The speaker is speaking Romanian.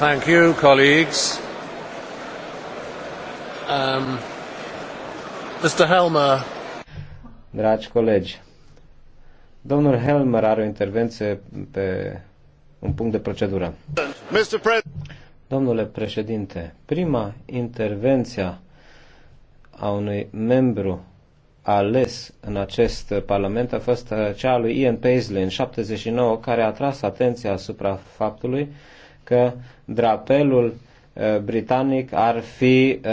Thank you, colleagues. Um, Mr. Helmer. Dragi colegi, domnul Helmer are o intervenție pe un punct de procedură. Domnule președinte, prima intervenție a unui membru ales în acest parlament a fost cea a lui Ian Paisley în 79, care a tras atenția asupra faptului că drapelul uh, britanic ar fi uh,